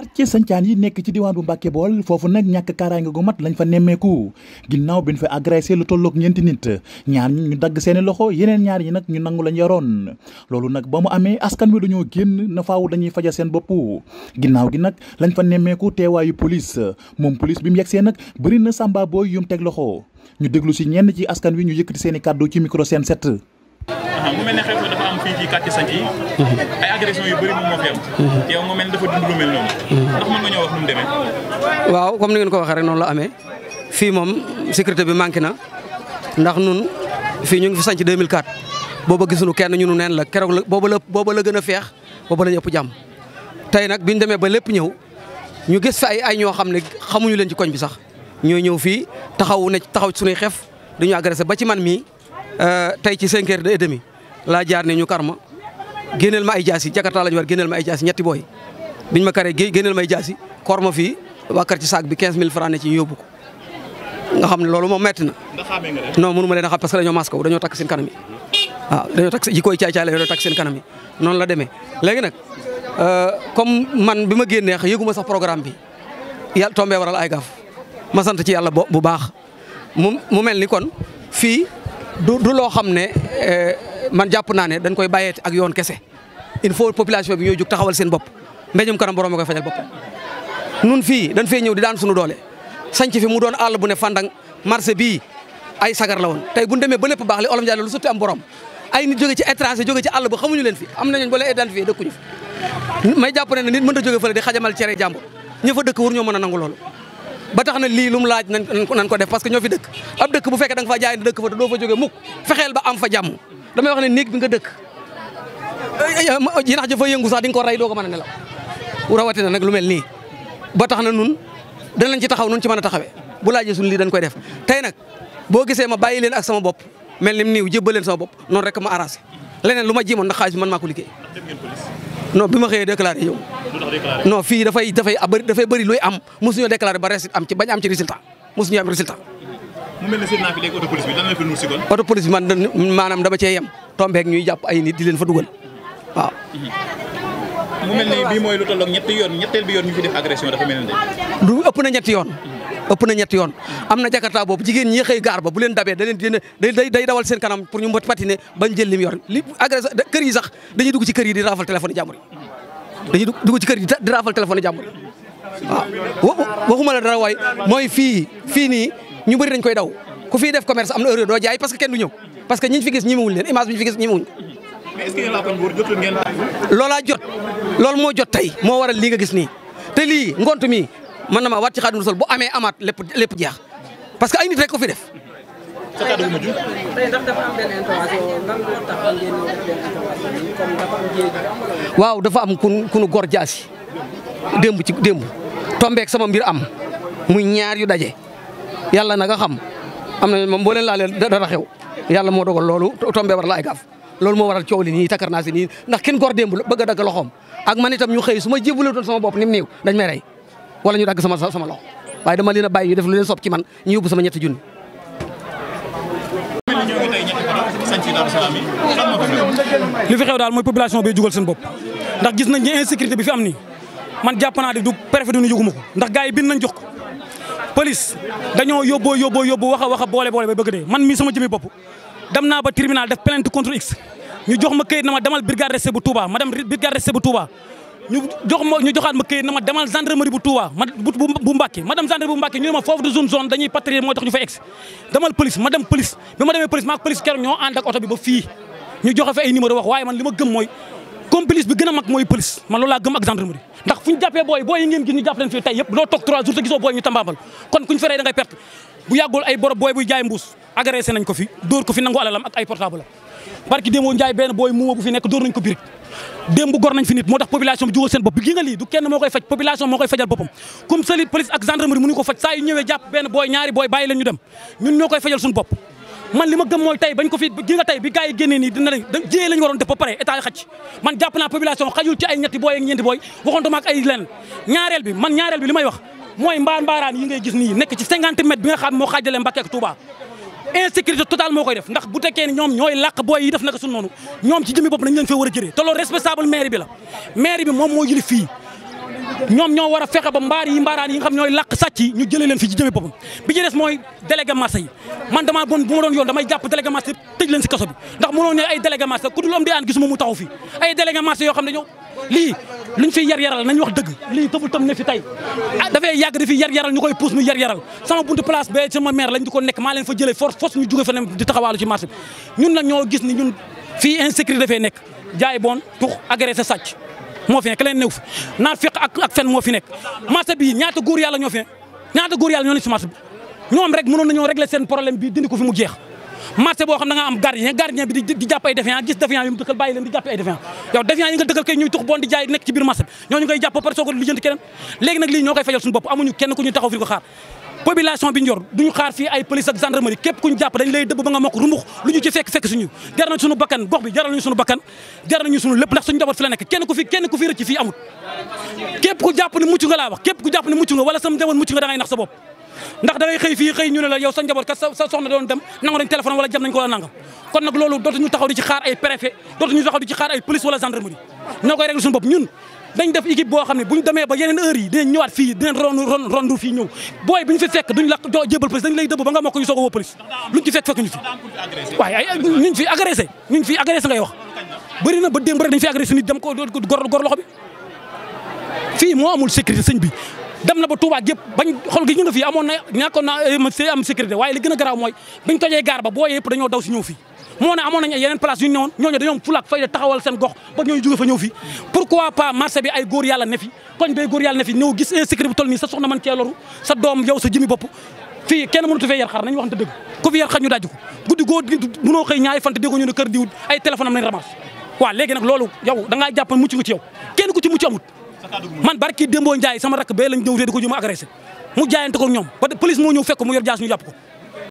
quartier sancaan yi nekk ci diwaan bu Mbàkke Bool foofu nag ñàkk kaaraange gu mat lañ fa nemmeeku ginnaaw bi ñu fa agressé lu tolloog ñeenti nit ñaar ñu dagg seeni loxo yeneen ñaar ñi nag ñu nangu lañ yaroon loolu nag ba mu amee askan wi dañoo génn na faaw dañuy faja seen boppu ginnaaw gi nag lañ fa nemmeeku teewaayu polis moom police bi mu yegsee nag bëri na sàmba booy yum teg loxo ñu déglu si ñenn ci askan wi ñu yëkkati seeni kàddu ci micro seen set fii ci mhm. mhm. waaw comme ni ngeen ko waxee rek noonu la amee fii moom sécurité bi manqué na ndax nun fii ñu ngi fi sanc 2004 booba gisuñu kenn ñunu neen la keroog la booba la booba gën a feex booba la ñëpp jàmm tey nag biñ demee ba lépp ñëw ñu gis fi ay ay ñoo xam ne xamuñu leen ci koñ bi sax ñoo ñëw fii taxaw ne taxaw ci suñuy xef dañu agressé ba ci man mii euh, tey ci 5 heures de demi laa jaar ne ñu kar ma génneel ma ay jaasi jakarta la ñu war génneel ma ay jaasi ñetti booy biñ ma karee génneel ma ay jaasi kor ma fii wàkkar ci saak bi 15000 francs ne ci ñu yóbbu ko nga xam ne loolu moom metti na non a xam parce que dañoo masque wu dañoo takk seen kanam yi waaw dañoo takk ji koy caay-caay la dañoo takk seen kanam yi noonu la demee léegi nag euh, comme man bi ma génnee yëguma sax programme bi yàlla tombee waral ay gaaf ma sant ci yàlla bu baax mu mel ni kon fi du du loo xam ne euh, man japp na ne dañ koy bàyyeeti ak yoon kese il faut population bi jukta juk taxawal seen bop mbéjum karam borom a fajal bop nun fi, dañ fe ñew di daan suñu doole sanc fi mu doon all bu ne fandang marché bi, ay sagar la won tay bu ñu demee ba lépp baax li olof jallu lu sutti am borom ay nit jóge ci étranger jóge ci all bu xamuñu leen fi am nañu bo lay identifier dekkuñ fi may japp ne nit mënta a jóge di xajamal ciéré jambo ñu fa dekk wuur ñoo mëna nangul lool ba taxna li lum laaj nañ ko def parce que ñoo fi ab dekk bu fekk da nga fa jaay dekk fa do fa joge mukk fexel ba am fa jamm damay wax ne néeg bi nga dëkk jinax ja fa yëngu sax di nga ko rey doo ko mën a nelaw rawatina nag lu mel nii ba tax na nun danañ ci taxaw nun ci mën a taxawee bu laajee suñu lii dañ koy def tey nag boo gisee ma bàyyi leen ak sama bopp mel ni niiw jébba leen sama bopp noonu rek ma arrangé leneen lu ma ji moon ndax xaalis man maa ko liggéey noo bi ma xëyee déclaré yow noo fii dafay dafay dafay bëri luy am mosuñoo déclaré ba résultat am ci bañ am ci résultat mosuñoo am mu mel ne seet naa fi léegi auto police bi lan la fi nuyu si kon. auto dama cee yem tombeek ñuy jàpp ay nit di leen dugal waaw. mu mel ni bii mooy lu tolloog yoon ñetteel bi yoon ñu fi def agression dafa mel ni du ëpp na ñetti yoon. ëpp na ñetti yoon am na jakarta boobu jigéen ñi xëy gaar ba bu leen dabee da leen day day dawal seen kanam pour ñu mot patine bañ jël lim yor li agressé yi sax dañuy dugg ci kër yi di raafal téléphone jàmbur yi dañuy dugg ci kër yi di raafal téléphone jàmbur yi waaw waxuma la dara waay mooy fii fii nii ñu bëri dañ koy daw ku fii def commerce am na heure doo jaay parce que kenn du ñëw parce que ñi ñu fi gis ñemewuñ leen image bi ñu fi gis ñemewuñ mais est-ce laa jot loolu moo jot tey moo waral lii nga gis nii te lii ngont mi man na maa waat ci Xaadimu Rasuul bu amee amaat lépp lépp jeex parce que ay nit rek ko fi def. dafa am benn waaw dafa am ku ku nu gor démb ci démb tombeek sama mbir am muy ñaar yu daje. yàlla nag a xam am na moom boo leen laalee dara xew yàlla moo dogal loolu tombé war la ay gaaf loolu moo waral coow li nii takkar naa si nii ndax kenn gor démb bëgg a dagg loxoom ak man itam ñu xëy su ma jébbalu doon sama bopp ni mu néew dañ may rey wala ñu dagg sama sama loxo waaye dama leen a bàyyi ñu def lu leen sopp ci man ñu yóbbu sama ñetti junni. li fi xew daal mooy population bee jugal seen bopp ndax gis nañ ne insécurité bi fi am nii man jàpp naa ne du préfet du ma ko ndax yi bind nañ jox ko police dañoo yóbboo yóbboo yóbbu wax a wax boole boole ba bëgg dee man mii sama jëmi bopp dem naa ba tribunal def plainte contre x ñu jox ma këyit na ma demal brigade restée bu Touba ma dem brigade restée bu Touba jox ma ñu joxaat ma demal gendarmerie bu Touba ma bu Mbacké ñu ne ma foofu de zone zone moo tax ñu fa ex demal police ma dem police bi ma demee police maak police keroog ñoo ànd ak oto bi ba fii ñu joxe fa ay numéro wax waaye man li ma gëm mooy complice bi gën a mooy police man loolu laa gëm ak gendarmerie fu ñu jàppee booy booy yi ngeen gis ñu jàpp leen fii tey yëpp loo toog 3 jours te gisoo booy ñu tambaabal kon kuñ feree da ngay perte bu yàggul ay booy buy jaay mbuus agressé nañ ko fi dóor ko fi nangu alalam ak ay portable barki démb njaay benn booy muuma bu fi nekk dóor nañ ko birig démb gor nañ fi nit moo tax population moo koy fajal boppam comme sali police ak gendarmerie mënuñu ko faj saa ñëwee jàpp benn booy ñaari booy bàyyi leen man li ma gëm mooy tey bañ ko fi gi nga tey bi gars yi génnee nii dina jiyee la ñu waroon def ba pare man jàpp naa population xajul ci ay ñetti booy ak ñeenti booy waxoontuma ay lenn ñaareel bi man ñaareel bi li may wax mooy mbaar mbaaraan yi ngay gis nii nekk ci 50 mètres bi nga xam moo xaajale Mbacké ak Touba insécurité totale moo koy def ndax bu tekkee ñoom ñooy làq booy yi def naka sun noonu ñoom ci jëmi bopp nañ leen fee war a jëre moo yili ñoom ñoo war a fexe ba mbaar yi mbaaraan yi nga xam ñooy làq sàcc yi ñu jëlee leen fi ci jëmee boppam bi ci des mooy délégué marché yi man damaa bon bu doon yoon damay jàpp délégué marché tëj leen si kaso bi ndax mënoo ne ay délégué marché ku am di aan gisuma mu taxaw fi ay délégué marché yoo xam ne ñoo lii luñ fiy yar yaral nañ wax dëgg lii tëful tam ne fi tey ah dafay yàgg dafiy yar yaral ñu koy pousse mu yar yaral sama buntu place ba sama maire lañ di ko nekk maa leen fa jëlee force force nekk jaay bon tux agressé sàcc moo fi nekk leneen néew fi naan fekk ak ak fen moo fi nekk marché bii ñaata góor yàlla ñoo fi ñaata góor yàlla ñoo ne si marché bi ñoom rek mënoon nañoo régler seen problème bi dindi ko fi mu jeex marché boo xam da nga am gardien gardien bi di jàpp ay défiant gis défiant mu dëkkal bàyyi leen di jàpp ay défiant yow défiant yi nga dëkkal kay ñuy tux bon di jaay nekk ci biir marché bi ñooñu ngay jàpp par soo ko lijjanti keneen léegi nag lii ñoo koy population bi njor duñu xaar fii ay police ak gendarmerie képp kuñu jàpp dañ lay dëbb ba nga mokk rumux lu ñu ci fekk fekk suñu jar nañ suñu bakkan gox bi jaral nañu suñu bakkan jaral nañu suñu lépp ndax suñu njaboot fi nekk kenn ku fi kenn ku fi rëcc fii amut képp ku jàpp ne mucc nga laa wax képp ku jàpp ne mucc nga wala sam njaboot mucc nga da ngay nax sa bopp ndax da xëy fii xëy ñu la yow sa njaboot kat sa soxna doon dem nangu nañ téléphone wala dañ def équipe boo xam ne bu ñu demee ba yeneen heure yi dinañ ñëwaat fii dinañ ron rondu fii ñëw booy bi fekk duñ la jébal police dañ lay dëbb ba nga mokk ñu soog a woo police luñ ci fekk fekk ñu fi waaye ñu fi ba démb rek dañ fi agressé nit dem ko gor gor loxo bi fii bi dem na ba Touba gépp bañ xool gi ñu nga fii amoon na ñàkkoon na see eh, am sécurité waaye li gën a mooy bañ tojee gaar ba boo yëpp dañoo daw si ñëw fi moo ne amoon nañ yeneen place yu ñu newoon ñooñu dañoo fulaak fay da taxawal seen gox ba ñooy jóge fa ñëw fii pourquoi pas marché bi ay góor yàlla ne fi koñ bay góor yàlla ne fi ñëw gis insécurité bu toll nii sa soxna man cee sa doom yow sa jëmi bopp fii kenn mënatu fee yar xar nañu waxante dëgg ku fi yar xar ñu daj ko guddi goo mënoo xëy ñaari fante dégg ñu ne kër diw ay téléphone am nañ ramasse waaw léegi loolu yow da ngaa jàpp nga ci yow kenn ku ci mucc amut man barki démboo Njaay sama rakk bee lañ ñëw ko jëm agressé mu ko